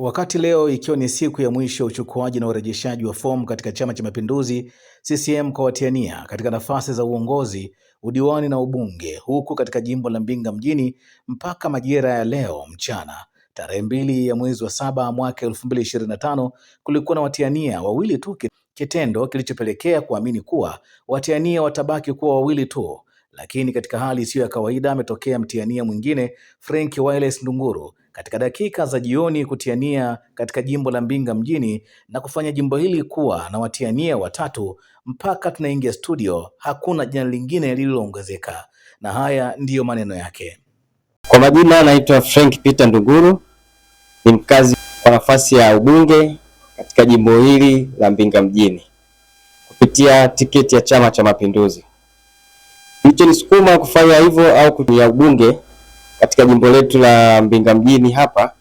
Wakati leo ikiwa ni siku ya mwisho ya uchukuaji na urejeshaji wa fomu katika Chama cha Mapinduzi CCM kwa watiania katika nafasi za uongozi, udiwani na ubunge huku katika jimbo la Mbinga mjini mpaka majira ya leo mchana tarehe mbili ya mwezi wa saba mwaka elfu mbili ishirini na tano kulikuwa na watiania wawili tu, kitendo kilichopelekea kuamini kuwa watiania watabaki kuwa wawili tu lakini katika hali isiyo ya kawaida ametokea mtiania mwingine Frank Wireless Ndunguru katika dakika za jioni kutiania katika jimbo la Mbinga mjini na kufanya jimbo hili kuwa na watiania watatu mpaka tunaingia studio, hakuna jina lingine lililoongezeka. Na haya ndiyo maneno yake. Kwa majina naitwa Frank Peter Ndunguru, ni mkazi kwa nafasi ya ubunge katika jimbo hili la Mbinga mjini kupitia tiketi ya Chama cha Mapinduzi kilichonisukuma kufanya hivyo au kutumia ubunge katika jimbo letu la Mbinga mjini hapa,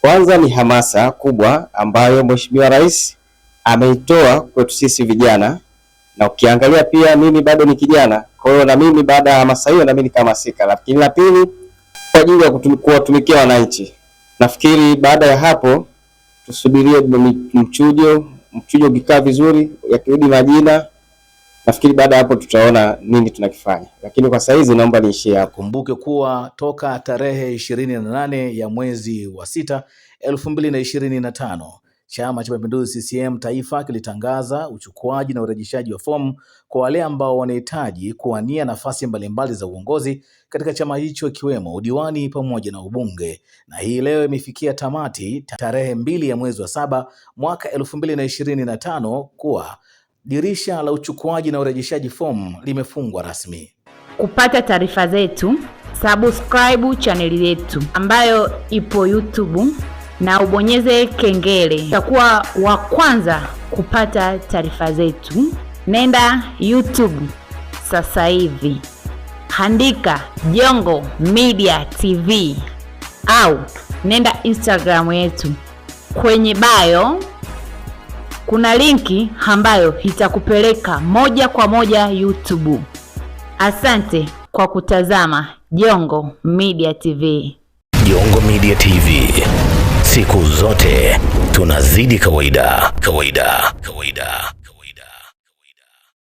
kwanza ni hamasa kubwa ambayo Mheshimiwa Rais ameitoa kwetu sisi vijana, na ukiangalia pia mimi bado ni kijana, kwa hiyo na mimi baada ya hamasa hiyo nami nikahamasika. Lakini la pili kwa ajili ya kuwatumikia wananchi. Nafikiri baada ya hapo tusubirie mchujo, mchujo ukikaa vizuri, yakirudi majina Nafikiri baada ya hapo tutaona nini tunakifanya, lakini kwa saizi naomba niishie hapo. Kumbuke kuwa toka tarehe ishirini na nane ya mwezi wa sita elfu mbili na ishirini na tano Chama cha Mapinduzi CCM Taifa kilitangaza uchukuaji na urejeshaji wa fomu kwa wale ambao wanahitaji kuwania nafasi mbalimbali za uongozi katika chama hicho ikiwemo udiwani pamoja na ubunge, na hii leo imefikia tamati tarehe mbili ya mwezi wa saba mwaka elfu mbili na ishirini na tano kuwa dirisha la uchukuaji na urejeshaji fomu limefungwa rasmi. Kupata taarifa zetu, subscribe chaneli yetu ambayo ipo YouTube na ubonyeze kengele, utakuwa wa kwanza kupata taarifa zetu. Nenda YouTube sasa hivi, andika Jongo Media TV au nenda Instagram yetu kwenye bio kuna linki ambayo itakupeleka moja kwa moja YouTube. Asante kwa kutazama Jongo Media TV. Jongo Media TV, siku zote tunazidi kawaida, kawaida, kawaida.